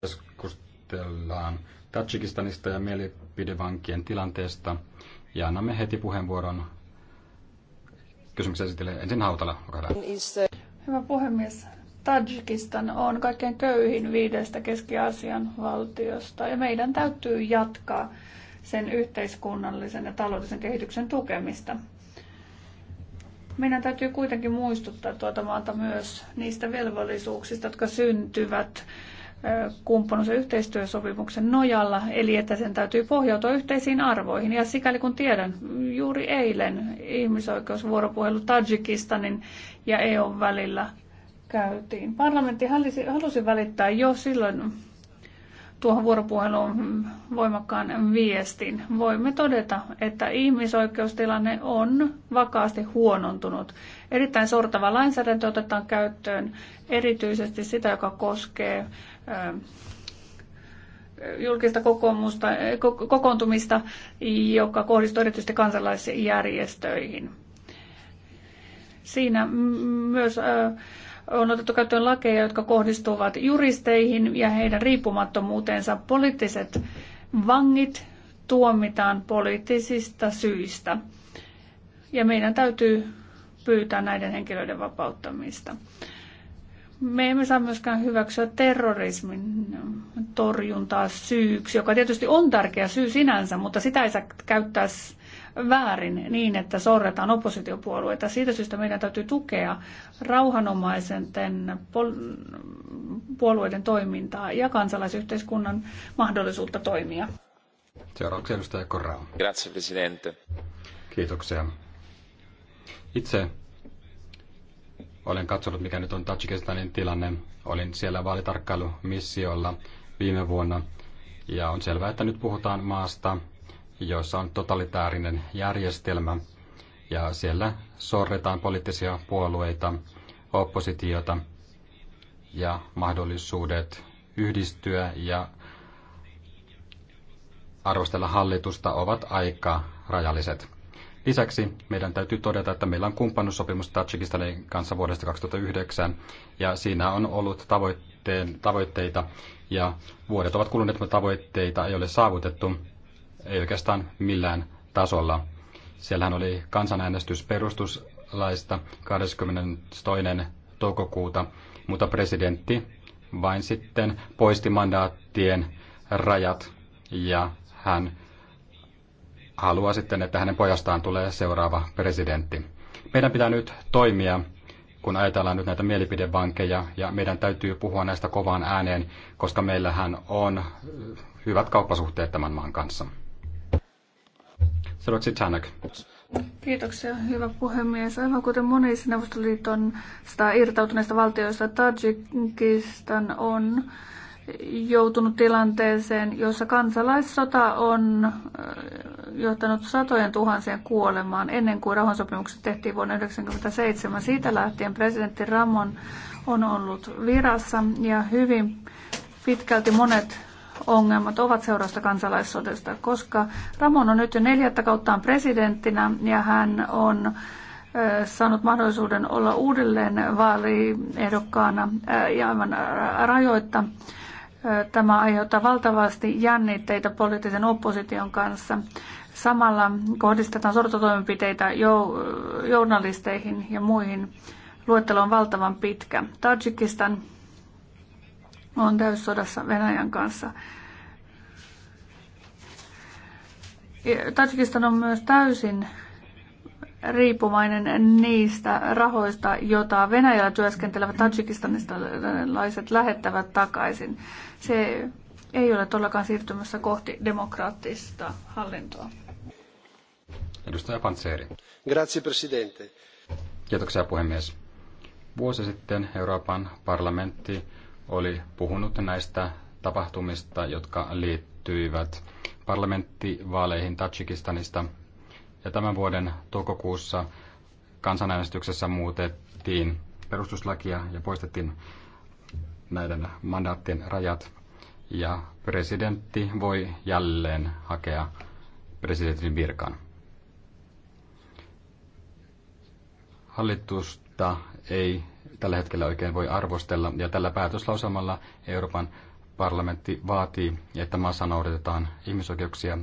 keskustellaan Tajikistanista ja mielipidevankien tilanteesta. Ja annamme heti puheenvuoron kysymyksen esitelle ensin Hautala. Hyvä puhemies. Tajikistan on kaikkein köyhin viidestä Keski-Aasian valtiosta ja meidän täytyy jatkaa sen yhteiskunnallisen ja taloudellisen kehityksen tukemista. Meidän täytyy kuitenkin muistuttaa tuota maata myös niistä velvollisuuksista, jotka syntyvät kumppanuus- ja yhteistyösopimuksen nojalla, eli että sen täytyy pohjautua yhteisiin arvoihin. Ja sikäli kun tiedän, juuri eilen ihmisoikeusvuoropuhelu Tajikistanin ja EUn välillä käytiin. Parlamentti halusi, halusi välittää jo silloin tuohon vuoropuheluun voimakkaan viestin. Voimme todeta, että ihmisoikeustilanne on vakaasti huonontunut. Erittäin sortava lainsäädäntö otetaan käyttöön, erityisesti sitä, joka koskee julkista kokoontumista, joka kohdistuu erityisesti kansalaisjärjestöihin. Siinä myös on otettu käyttöön lakeja, jotka kohdistuvat juristeihin ja heidän riippumattomuuteensa. Poliittiset vangit tuomitaan poliittisista syistä. Ja meidän täytyy pyytää näiden henkilöiden vapauttamista. Me emme saa myöskään hyväksyä terrorismin torjuntaa syyksi, joka tietysti on tärkeä syy sinänsä, mutta sitä ei saa käyttää väärin niin, että sorretaan oppositiopuolueita. Siitä syystä meidän täytyy tukea rauhanomaisen puolueiden toimintaa ja kansalaisyhteiskunnan mahdollisuutta toimia. Seuraavaksi edustaja Corrao. Grazie, presidente. Kiitoksia. Itse olen katsonut, mikä nyt on Tajikistanin tilanne. Olin siellä vaalitarkkailumissiolla viime vuonna. Ja on selvää, että nyt puhutaan maasta, joissa on totalitäärinen järjestelmä ja siellä sorretaan poliittisia puolueita, oppositiota ja mahdollisuudet yhdistyä ja arvostella hallitusta ovat aika rajalliset. Lisäksi meidän täytyy todeta, että meillä on kumppanussopimus Tajikistanin kanssa vuodesta 2009, ja siinä on ollut tavoitteen, tavoitteita, ja vuodet ovat kuluneet, mutta tavoitteita ei ole saavutettu ei oikeastaan millään tasolla. Siellähän oli kansanäänestys perustuslaista 22. toukokuuta, mutta presidentti vain sitten poisti mandaattien rajat ja hän haluaa sitten, että hänen pojastaan tulee seuraava presidentti. Meidän pitää nyt toimia, kun ajatellaan nyt näitä mielipidevankeja, ja meidän täytyy puhua näistä kovaan ääneen, koska meillähän on hyvät kauppasuhteet tämän maan kanssa. Seuraavaksi Tanak. Kiitoksia, hyvä puhemies. Aivan kuten monissa Neuvostoliiton irtautuneista valtioista, Tajikistan on joutunut tilanteeseen, jossa kansalaissota on äh, johtanut satojen tuhansien kuolemaan ennen kuin rauhansopimukset tehtiin vuonna 1997. Siitä lähtien presidentti Ramon on ollut virassa ja hyvin pitkälti monet ongelmat ovat seurausta kansalaissodasta, koska Ramon on nyt jo neljättä kauttaan presidenttinä ja hän on saanut mahdollisuuden olla uudelleen vaaliehdokkaana ja aivan rajoitta. Tämä aiheuttaa valtavasti jännitteitä poliittisen opposition kanssa. Samalla kohdistetaan sortotoimenpiteitä journalisteihin ja muihin. Luettelo on valtavan pitkä. Tajikistan on täyssodassa Venäjän kanssa. Tajikistan on myös täysin riippumainen niistä rahoista, joita Venäjällä työskentelevät tajikistanilaiset lähettävät takaisin. Se ei ole todellakaan siirtymässä kohti demokraattista hallintoa. Edustaja Pantseri. Grazie, presidente. Kiitoksia puhemies. Vuosi sitten Euroopan parlamentti oli puhunut näistä tapahtumista, jotka liittyivät parlamenttivaaleihin Tajikistanista. Ja tämän vuoden toukokuussa kansanäänestyksessä muutettiin perustuslakia ja poistettiin näiden mandaattien rajat. Ja presidentti voi jälleen hakea presidentin virkan. Hallitusta ei tällä hetkellä oikein voi arvostella. Ja tällä päätöslausamalla Euroopan parlamentti vaatii, että maassa noudatetaan ihmisoikeuksia.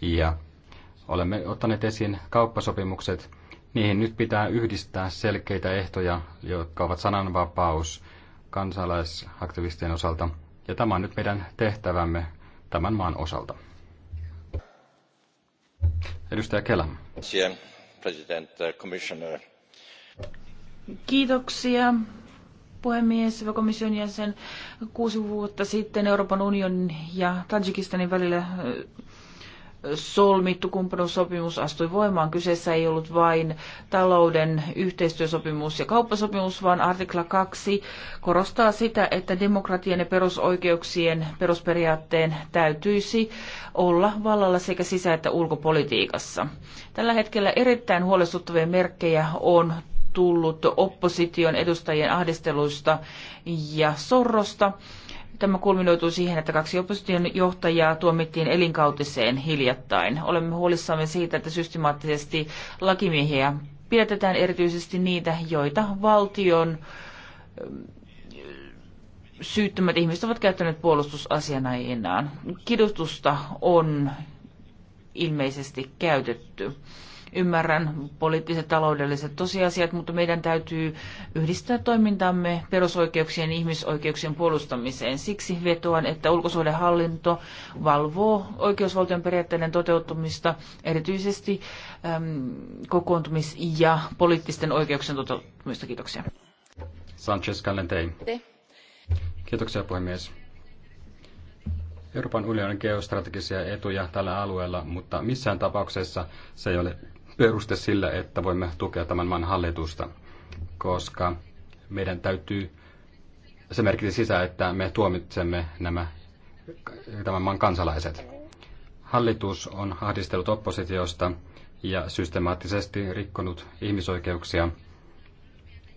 Ja olemme ottaneet esiin kauppasopimukset. Niihin nyt pitää yhdistää selkeitä ehtoja, jotka ovat sananvapaus kansalaisaktivistien osalta. Ja tämä on nyt meidän tehtävämme tämän maan osalta. Edustaja Kela. President, uh, commissioner. Kiitoksia puhemies, hyvä komission jäsen. Kuusi vuotta sitten Euroopan unionin ja Tajikistanin välillä solmittu kumppanuussopimus astui voimaan. Kyseessä ei ollut vain talouden yhteistyösopimus ja kauppasopimus, vaan artikla 2 korostaa sitä, että demokratian ja perusoikeuksien perusperiaatteen täytyisi olla vallalla sekä sisä- että ulkopolitiikassa. Tällä hetkellä erittäin huolestuttavia merkkejä on tullut opposition edustajien ahdisteluista ja sorrosta. Tämä kulminoituu siihen, että kaksi opposition johtajaa tuomittiin elinkautiseen hiljattain. Olemme huolissamme siitä, että systemaattisesti lakimiehiä pidetään erityisesti niitä, joita valtion syyttömät ihmiset ovat käyttäneet puolustusasianajinaan. Kidutusta on ilmeisesti käytetty. Ymmärrän poliittiset taloudelliset tosiasiat, mutta meidän täytyy yhdistää toimintamme perusoikeuksien ja ihmisoikeuksien puolustamiseen. Siksi vetoan, että ulkosuhdehallinto valvoo oikeusvaltion periaatteiden toteutumista erityisesti äm, kokoontumis- ja poliittisten oikeuksien toteutumista. Kiitoksia. Sanchez Calentein. Kiitoksia puhemies. Euroopan unionin geostrategisia etuja tällä alueella, mutta missään tapauksessa se ei ole peruste sille, että voimme tukea tämän maan hallitusta, koska meidän täytyy, se merkitsi sitä, että me tuomitsemme nämä tämän maan kansalaiset. Hallitus on ahdistellut oppositiosta ja systemaattisesti rikkonut ihmisoikeuksia.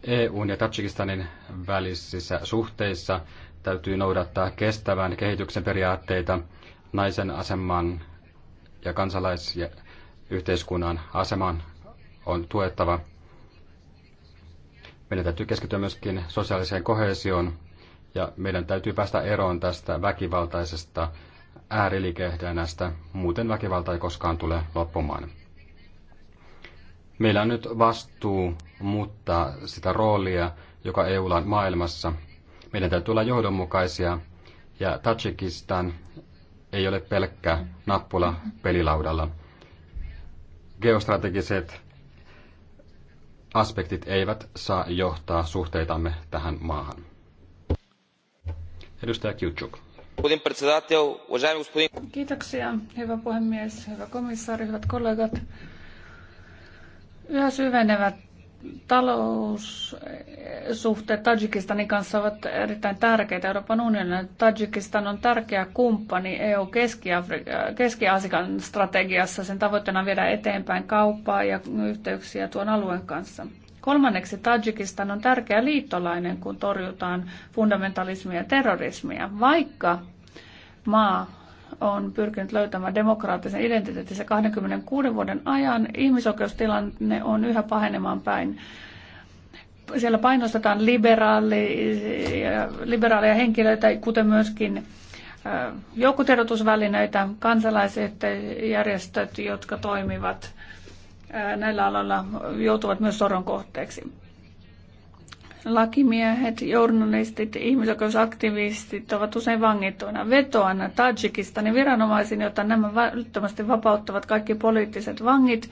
EUn ja Tajikistanin välisissä suhteissa täytyy noudattaa kestävän kehityksen periaatteita, naisen aseman ja kansalais- ja yhteiskunnan aseman on tuettava. Meidän täytyy keskittyä myöskin sosiaaliseen kohesioon ja meidän täytyy päästä eroon tästä väkivaltaisesta ääriliikehdinnästä. Muuten väkivalta ei koskaan tule loppumaan. Meillä on nyt vastuu muuttaa sitä roolia, joka EUlla on maailmassa. Meidän täytyy olla johdonmukaisia ja Tajikistan ei ole pelkkä nappula pelilaudalla geostrategiset aspektit eivät saa johtaa suhteitamme tähän maahan. Edustaja Kiutsuk. Kiitoksia, hyvä puhemies, hyvä komissaari, hyvät kollegat. Yhä syvenevät taloussuhteet Tajikistanin kanssa ovat erittäin tärkeitä Euroopan unionille. Tajikistan on tärkeä kumppani EU äh, Keski-Aasian strategiassa. Sen tavoitteena on viedä eteenpäin kauppaa ja yhteyksiä tuon alueen kanssa. Kolmanneksi Tajikistan on tärkeä liittolainen, kun torjutaan fundamentalismia ja terrorismia, vaikka maa on pyrkinyt löytämään demokraattisen identiteettinsä 26 vuoden ajan. Ihmisoikeustilanne on yhä pahenemaan päin. Siellä painostetaan liberaali, liberaaleja henkilöitä, kuten myöskin äh, joukkotiedotusvälineitä, kansalaiset, järjestöt, jotka toimivat äh, näillä aloilla, joutuvat myös soron kohteeksi lakimiehet, journalistit, ihmisoikeusaktivistit ovat usein vangittuina. Vetoan Tajikistanin viranomaisiin, jotta nämä välittömästi vapauttavat kaikki poliittiset vangit,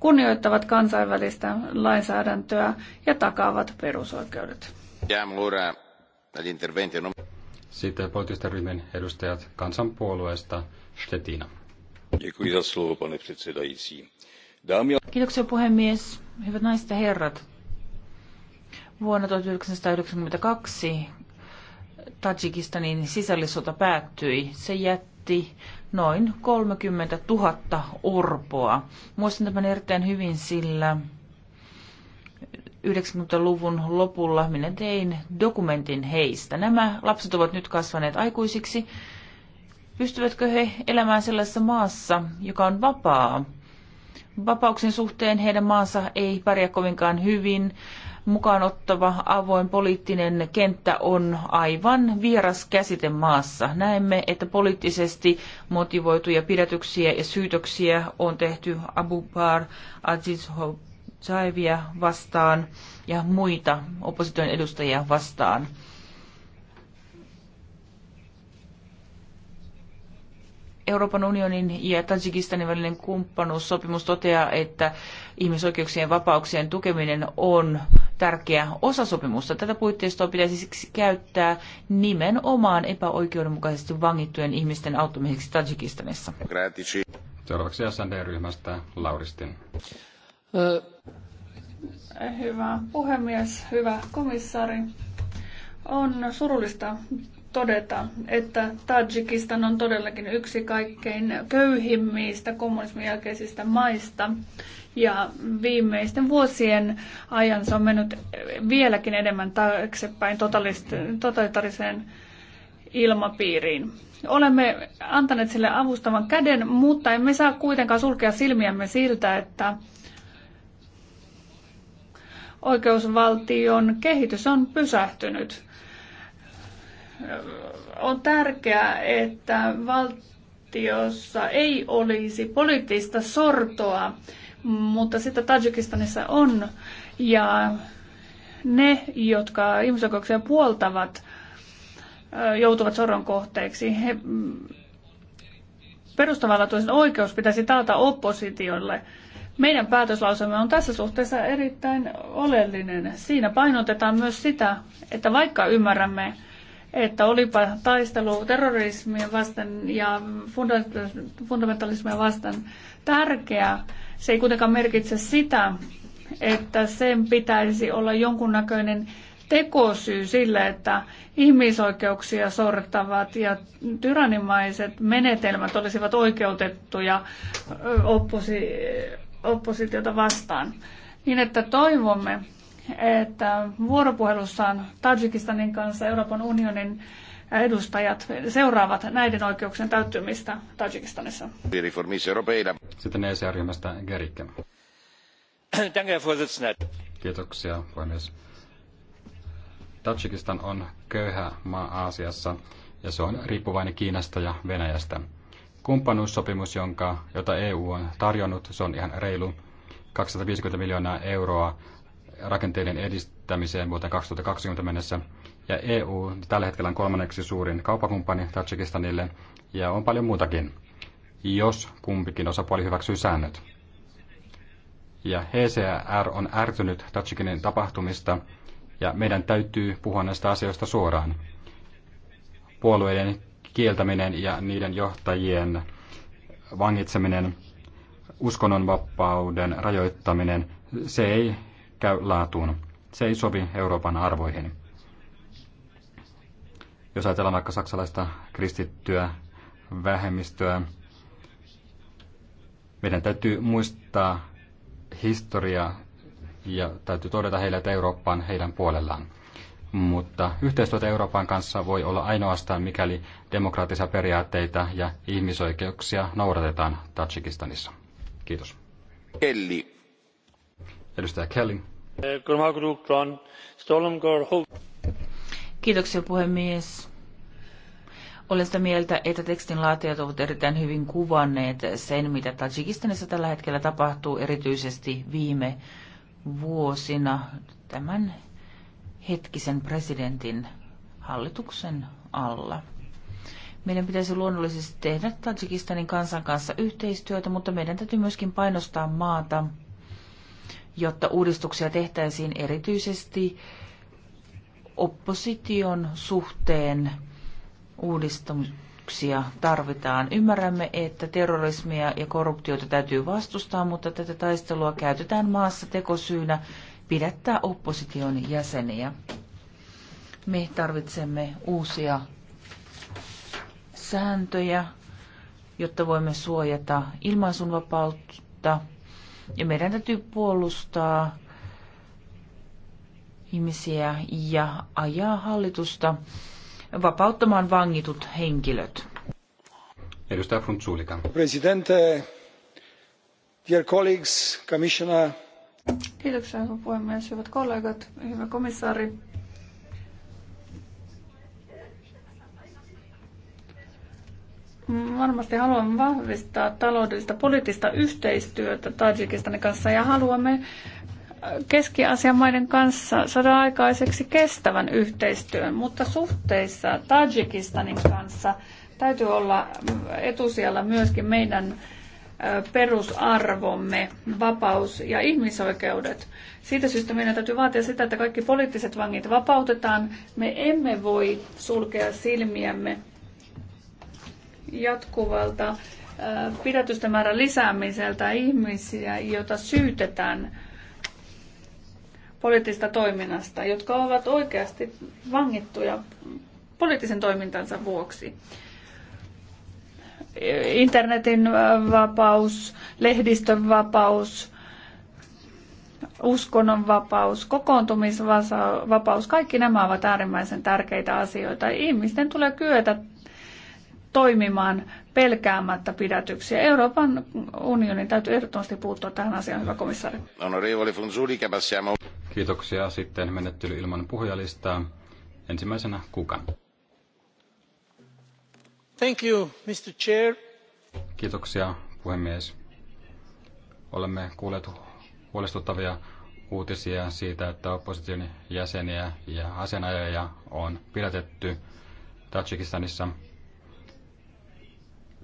kunnioittavat kansainvälistä lainsäädäntöä ja takaavat perusoikeudet. Sitten poliittisten ryhmien edustajat kansanpuolueesta Stetina. Kiitoksia puhemies. Hyvät naiset ja herrat. Vuonna 1992 Tajikistanin sisällissota päättyi. Se jätti noin 30 000 orpoa. Muistan tämän erittäin hyvin, sillä 90-luvun lopulla minä tein dokumentin heistä. Nämä lapset ovat nyt kasvaneet aikuisiksi. Pystyvätkö he elämään sellaisessa maassa, joka on vapaa? Vapauksen suhteen heidän maansa ei pärjää kovinkaan hyvin mukaan ottava avoin poliittinen kenttä on aivan vieras käsite maassa. Näemme, että poliittisesti motivoituja pidätyksiä ja syytöksiä on tehty Abu Bakr Aziz Zaevia vastaan ja muita opposition edustajia vastaan. Euroopan unionin ja Tajikistanin välinen kumppanuussopimus toteaa, että ihmisoikeuksien vapauksien tukeminen on tärkeä osa sopimusta. Tätä puitteistoa pitäisi siksi käyttää nimenomaan epäoikeudenmukaisesti vangittujen ihmisten auttamiseksi Tajikistanissa. Seuraavaksi SND-ryhmästä Lauristin. Hyvä puhemies, hyvä komissaari. On surullista todeta, että Tajikistan on todellakin yksi kaikkein köyhimmistä kommunismin jälkeisistä maista. Ja viimeisten vuosien ajan se on mennyt vieläkin enemmän taaksepäin totalitariseen ilmapiiriin. Olemme antaneet sille avustavan käden, mutta emme saa kuitenkaan sulkea silmiämme siltä, että oikeusvaltion kehitys on pysähtynyt – on tärkeää, että valtiossa ei olisi poliittista sortoa, mutta sitä Tajikistanissa on. Ja ne, jotka ihmisoikeuksia puoltavat, joutuvat sorron kohteeksi. He, mm, perustavanlaatuisen oikeus pitäisi taata oppositiolle. Meidän päätöslausemme on tässä suhteessa erittäin oleellinen. Siinä painotetaan myös sitä, että vaikka ymmärrämme, että olipa taistelu terrorismia vastaan ja fundamentalismia vastaan tärkeä, se ei kuitenkaan merkitse sitä, että sen pitäisi olla jonkunnäköinen tekosyy sille, että ihmisoikeuksia sortavat ja tyrannimaiset menetelmät olisivat oikeutettuja opposi, oppositiota vastaan. Niin että toivomme, että vuoropuhelussaan Tajikistanin kanssa Euroopan unionin edustajat seuraavat näiden oikeuksien täyttymistä Tajikistanissa. Sitten esr ryhmästä Gerikke. Kiitoksia, puhemies. Tajikistan on köyhä maa Aasiassa ja se on riippuvainen Kiinasta ja Venäjästä. Kumppanuussopimus, jonka, jota EU on tarjonnut, se on ihan reilu 250 miljoonaa euroa rakenteiden edistämiseen vuoteen 2020 mennessä. Ja EU tällä hetkellä on kolmanneksi suurin kauppakumppani Tajikistanille ja on paljon muutakin, jos kumpikin osapuoli hyväksyy säännöt. Ja HCR on ärtynyt Tajikinin tapahtumista ja meidän täytyy puhua näistä asioista suoraan. Puolueiden kieltäminen ja niiden johtajien vangitseminen, uskonnonvapauden rajoittaminen, se ei käy laatuun. Se ei sovi Euroopan arvoihin. Jos ajatellaan vaikka saksalaista kristittyä vähemmistöä, meidän täytyy muistaa historia ja täytyy todeta heille, että Eurooppa on heidän puolellaan. Mutta yhteistyötä Euroopan kanssa voi olla ainoastaan, mikäli demokraattisia periaatteita ja ihmisoikeuksia noudatetaan Tajikistanissa. Kiitos. Kelli arvoisa Kiitoksia puhemies. Olen sitä mieltä, että tekstin laatijat ovat erittäin hyvin kuvanneet sen, mitä Tajikistanissa tällä hetkellä tapahtuu, erityisesti viime vuosina tämän hetkisen presidentin hallituksen alla. Meidän pitäisi luonnollisesti tehdä Tadjikistanin kansan kanssa yhteistyötä, mutta meidän täytyy myöskin painostaa maata jotta uudistuksia tehtäisiin erityisesti opposition suhteen uudistuksia tarvitaan. Ymmärrämme, että terrorismia ja korruptiota täytyy vastustaa, mutta tätä taistelua käytetään maassa tekosyynä pidättää opposition jäseniä. Me tarvitsemme uusia sääntöjä, jotta voimme suojata ilmaisunvapautta, ja meidän täytyy puolustaa ihmisiä ja ajaa hallitusta vapauttamaan vangitut henkilöt. Edustaja Frunzulika. Presidente, dear colleagues, commissioner. Kiitoksia, hyvä puhemies, hyvät kollegat, hyvä komissaari. varmasti haluamme vahvistaa taloudellista poliittista yhteistyötä Tajikistanin kanssa ja haluamme Keski-Aasian maiden kanssa saada aikaiseksi kestävän yhteistyön, mutta suhteissa Tajikistanin kanssa täytyy olla etusijalla myöskin meidän perusarvomme, vapaus ja ihmisoikeudet. Siitä syystä meidän täytyy vaatia sitä, että kaikki poliittiset vangit vapautetaan. Me emme voi sulkea silmiämme jatkuvalta pidätysten määrän lisäämiseltä ihmisiä, joita syytetään poliittisesta toiminnasta, jotka ovat oikeasti vangittuja poliittisen toimintansa vuoksi. Internetin vapaus, lehdistön vapaus, uskonnonvapaus, kokoontumisvapaus, kaikki nämä ovat äärimmäisen tärkeitä asioita. Ihmisten tulee kyetä toimimaan pelkäämättä pidätyksiä. Euroopan unionin täytyy ehdottomasti puuttua tähän asiaan, hyvä komissaari. Kiitoksia. Sitten menettely ilman puhujalistaa. Ensimmäisenä Kukan. Thank you, Mr. Chair. Kiitoksia, puhemies. Olemme kuulleet huolestuttavia uutisia siitä, että opposition jäseniä ja asianajajia on pidätetty Tajikistanissa –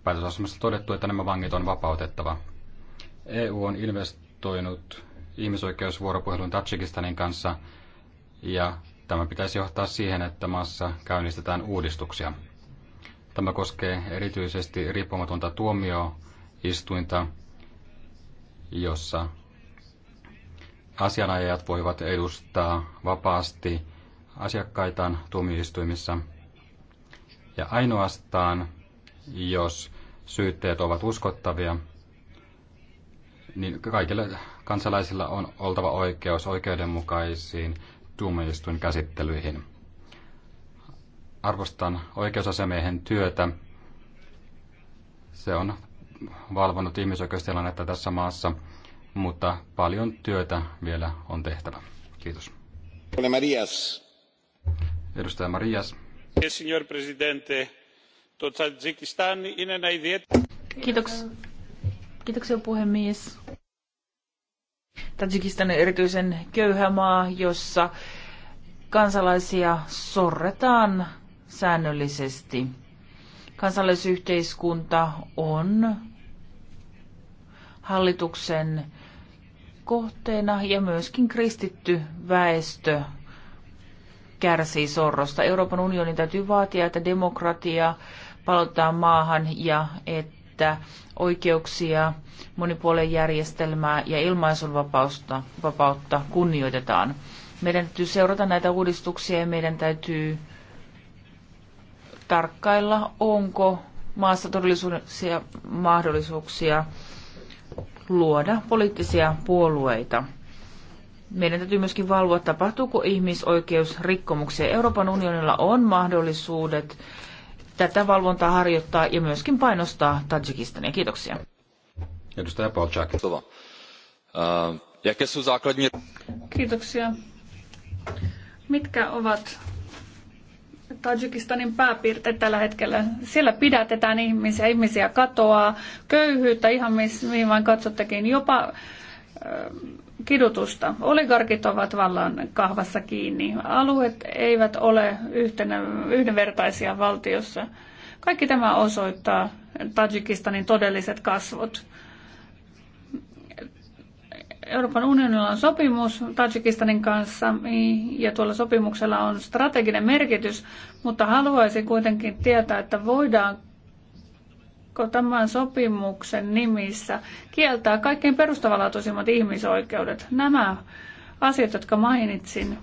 päätösasemassa todettu, että nämä vangit on vapautettava. EU on investoinut ihmisoikeusvuoropuhelun Tajikistanin kanssa ja tämä pitäisi johtaa siihen, että maassa käynnistetään uudistuksia. Tämä koskee erityisesti riippumatonta tuomioistuinta, jossa asianajajat voivat edustaa vapaasti asiakkaitaan tuomioistuimissa. Ja ainoastaan jos syytteet ovat uskottavia, niin kaikilla kansalaisilla on oltava oikeus oikeudenmukaisiin tuomioistuinkäsittelyihin. Arvostan oikeusasiamiehen työtä. Se on valvonnut ihmisoikeustilannetta tässä maassa, mutta paljon työtä vielä on tehtävä. Kiitos. Marias. Edustaja Marias. Señor presidente, Το Τατζικιστάν είναι ένα Kiitoksia. Kiitoksia puhemies. Tadjikistan on erityisen köyhä maa, jossa kansalaisia sorretaan säännöllisesti. Kansalaisyhteiskunta on hallituksen kohteena ja myöskin kristitty väestö kärsii sorrosta. Euroopan unionin täytyy vaatia, että demokratia palauttaa maahan ja että oikeuksia, monipuolen järjestelmää ja ilmaisunvapautta kunnioitetaan. Meidän täytyy seurata näitä uudistuksia ja meidän täytyy tarkkailla, onko maassa todellisuuksia mahdollisuuksia luoda poliittisia puolueita. Meidän täytyy myöskin valvoa, tapahtuuko ihmisoikeusrikkomuksia. Euroopan unionilla on mahdollisuudet tätä valvontaa harjoittaa ja myöskin painostaa Tadžikistania. Kiitoksia. Edustaja Polčák. Uh, Kiitoksia. Mitkä ovat Tajikistanin pääpiirteet tällä hetkellä? Siellä pidätetään ihmisiä, ihmisiä katoaa, köyhyyttä, ihan mihin vain katsottekin, jopa kidutusta. Oligarkit ovat vallan kahvassa kiinni. Alueet eivät ole yhtenä, yhdenvertaisia valtiossa. Kaikki tämä osoittaa Tajikistanin todelliset kasvot. Euroopan unionilla on sopimus Tajikistanin kanssa ja tuolla sopimuksella on strateginen merkitys, mutta haluaisin kuitenkin tietää, että voidaan pakko tämän sopimuksen nimissä kieltää kaikkein perustavanlaatuisimmat ihmisoikeudet. Nämä asiat, jotka mainitsin,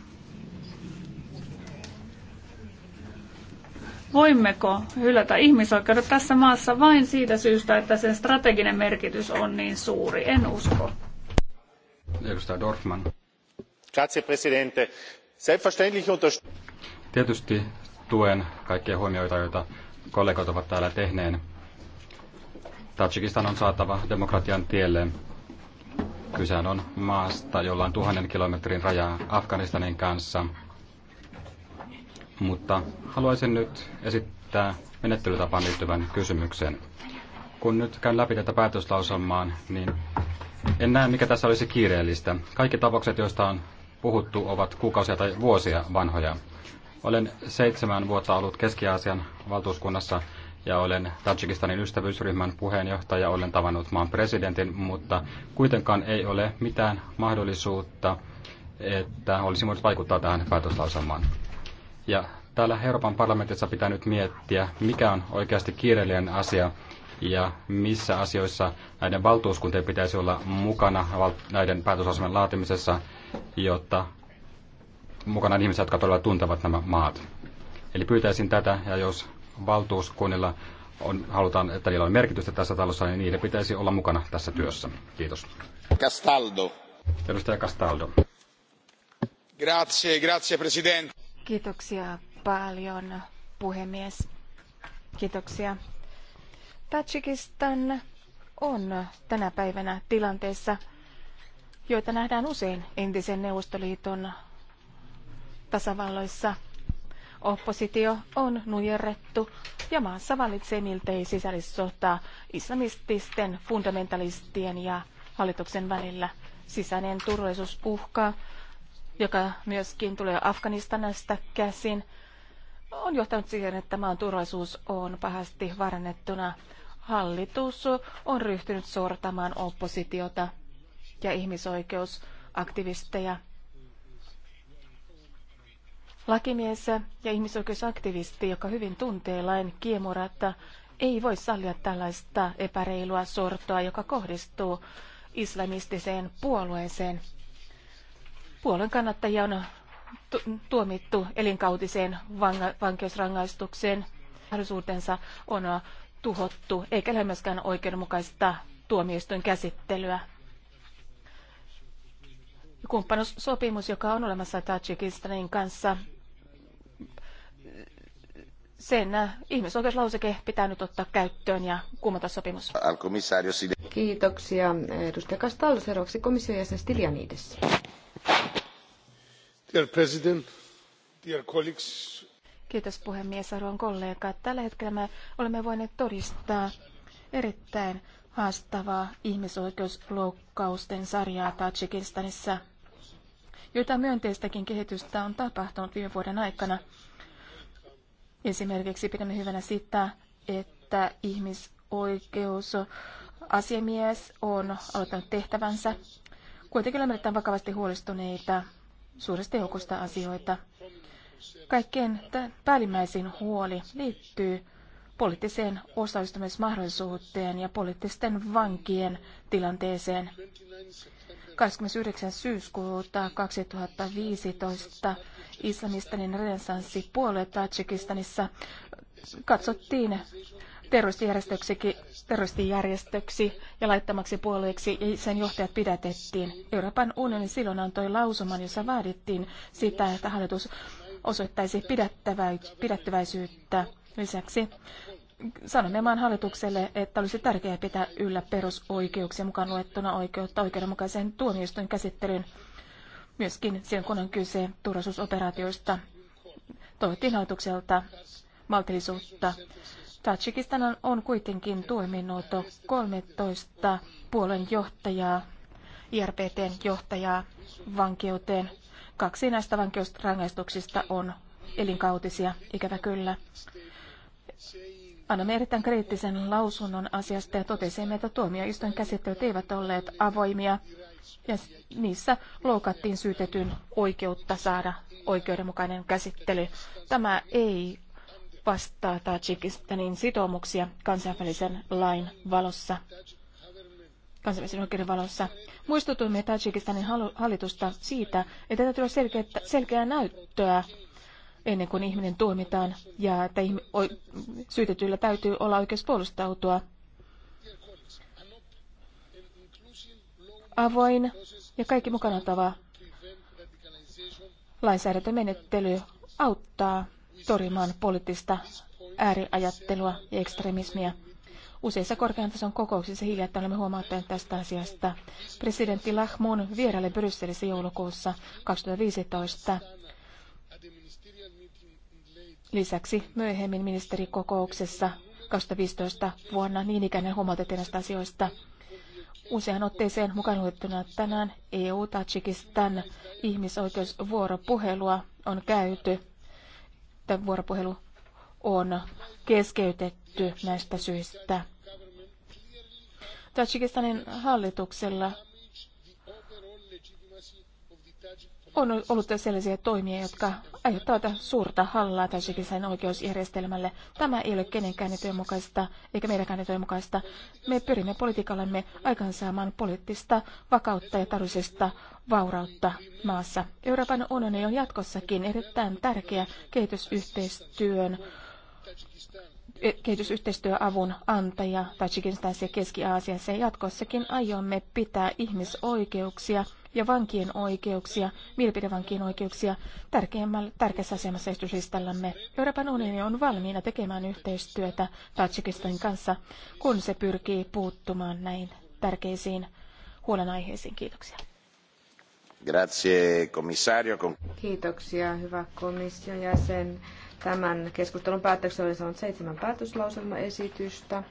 voimmeko hylätä ihmisoikeudet tässä maassa vain siitä syystä, että sen strateginen merkitys on niin suuri? En usko. Edustaja Dorfman. Grazie, presidente. Selbstverständlich Tietysti tuen kaikkia huomioita, joita kollegat ovat täällä tehneet. Tajikistan on saatava demokratian tielle Kysehän on maasta, jolla on tuhannen kilometrin raja Afganistanin kanssa. Mutta haluaisin nyt esittää menettelytapaan liittyvän kysymyksen. Kun nyt käyn läpi tätä päätöslausumaa, niin en näe, mikä tässä olisi kiireellistä. Kaikki tapaukset, joista on puhuttu, ovat kuukausia tai vuosia vanhoja. Olen seitsemän vuotta ollut Keski-Aasian valtuuskunnassa ja olen Tajikistanin ystävyysryhmän puheenjohtaja, olen tavannut maan presidentin, mutta kuitenkaan ei ole mitään mahdollisuutta, että olisi voinut vaikuttaa tähän päätöslauselmaan. Ja täällä Euroopan parlamentissa pitää nyt miettiä, mikä on oikeasti kiireellinen asia ja missä asioissa näiden valtuuskuntien pitäisi olla mukana näiden päätösasemien laatimisessa, jotta mukana on ihmisiä, jotka todella tuntevat nämä maat. Eli pyytäisin tätä, ja jos valtuuskunnilla on, halutaan, että niillä on merkitystä tässä talossa, niin niiden pitäisi olla mukana tässä työssä. Kiitos. Castaldo. Edustaja Castaldo. Grazie, grazie president. Kiitoksia paljon, puhemies. Kiitoksia. Tajikistan on tänä päivänä tilanteessa, joita nähdään usein entisen Neuvostoliiton tasavalloissa – Oppositio on nujerrettu ja maassa valitsee miltei sisällissota islamististen, fundamentalistien ja hallituksen välillä. Sisäinen turvallisuus uhkaa, joka myöskin tulee Afganistanasta käsin, on johtanut siihen, että maan turvallisuus on pahasti varannettuna. Hallitus on ryhtynyt sortamaan oppositiota ja ihmisoikeusaktivisteja Lakimies ja ihmisoikeusaktivisti, joka hyvin tuntee lain kiemuratta, ei voi sallia tällaista epäreilua sortoa, joka kohdistuu islamistiseen puolueeseen. Puolueen kannattajia on tuomittu elinkautiseen vankeusrangaistukseen. Mahdollisuutensa on tuhottu, eikä ole myöskään oikeudenmukaista tuomioistuin käsittelyä. Kumppanussopimus, joka on olemassa Tajikistanin kanssa, sen äh, ihmisoikeuslauseke pitää nyt ottaa käyttöön ja kumota sopimus. Kiitoksia. Äh, edustaja Castaldo, seuraavaksi komission jäsen Stylianides. Dear President, dear colleagues. Kiitos puhemies, arvon kollegat. Tällä hetkellä me olemme voineet todistaa erittäin haastavaa ihmisoikeusloukkausten sarjaa Tajikistanissa. Joita myönteistäkin kehitystä on tapahtunut viime vuoden aikana. Esimerkiksi pidämme hyvänä sitä, että ihmisoikeusasiamies on aloittanut tehtävänsä. Kuitenkin olemme erittäin vakavasti huolestuneita suuresta joukosta asioita. Kaikkein päällimmäisin huoli liittyy poliittiseen osallistumismahdollisuuteen ja poliittisten vankien tilanteeseen. 29. syyskuuta 2015 islamistanin puolue Tajikistanissa katsottiin terroristijärjestöksi, terroristijärjestöksi ja laittamaksi puolueeksi ja sen johtajat pidätettiin. Euroopan unioni silloin antoi lausuman, jossa vaadittiin sitä, että hallitus osoittaisi pidättäväisyyttä. Lisäksi sanomme maan hallitukselle, että olisi tärkeää pitää yllä perusoikeuksia mukaan luettuna oikeutta oikeudenmukaiseen tuomioistuin käsittelyyn myöskin silloin, kun on kyse turvallisuusoperaatioista. Toivottiin hallitukselta maltillisuutta. Tajikistan on kuitenkin tuominnut 13 puolen johtajaa, IRPTn johtajaa vankeuteen. Kaksi näistä vankeusrangaistuksista on elinkautisia, ikävä kyllä. Annamme erittäin kriittisen lausunnon asiasta ja totesimme, että tuomioistuin käsittelyt eivät olleet avoimia ja niissä loukattiin syytetyn oikeutta saada oikeudenmukainen käsittely. Tämä ei vastaa Tajikistanin sitoumuksia kansainvälisen lain valossa. Kansainvälisen oikeuden valossa. Muistutuimme Tajikistanin hallitusta siitä, että täytyy olla selkeä, selkeää näyttöä ennen kuin ihminen tuomitaan ja että syytetyillä täytyy olla oikeus puolustautua avoin ja kaikki mukana ottava lainsäädäntömenettely auttaa torjumaan poliittista ääriajattelua ja ekstremismiä. Useissa korkean tason kokouksissa hiljattain olemme huomauttaneet tästä asiasta. Presidentti Lahmon vieraille Brysselissä joulukuussa 2015. Lisäksi myöhemmin ministerikokouksessa 2015 vuonna niin ikäinen huomautettiin näistä asioista usean otteeseen mukaan luettuna tänään EU-Tajikistan ihmisoikeusvuoropuhelua on käyty. Tämä vuoropuhelu on keskeytetty näistä syistä. Tajikistanin hallituksella on ollut sellaisia toimia, jotka aiheuttavat suurta hallaa Tajikistanin oikeusjärjestelmälle. Tämä ei ole kenenkään etujen mukaista, eikä meidänkään etujen mukaista. Me pyrimme politiikallamme aikaansaamaan poliittista vakautta ja taloudellista vaurautta maassa. Euroopan unioni on jatkossakin erittäin tärkeä kehitysyhteistyön kehitysyhteistyöavun antaja Tajikistanissa ja Keski-Aasiassa jatkossakin aiomme pitää ihmisoikeuksia ja vankien oikeuksia, mielipidevankien oikeuksia tärkeässä asemassa istuslistallamme. Euroopan unioni on valmiina tekemään yhteistyötä Tajikistanin kanssa, kun se pyrkii puuttumaan näin tärkeisiin huolenaiheisiin. Kiitoksia. Grazie, komissario. Kiitoksia, hyvä komission jäsen. Tämän keskustelun päätöksessä oli saanut seitsemän päätöslauselmaesitystä.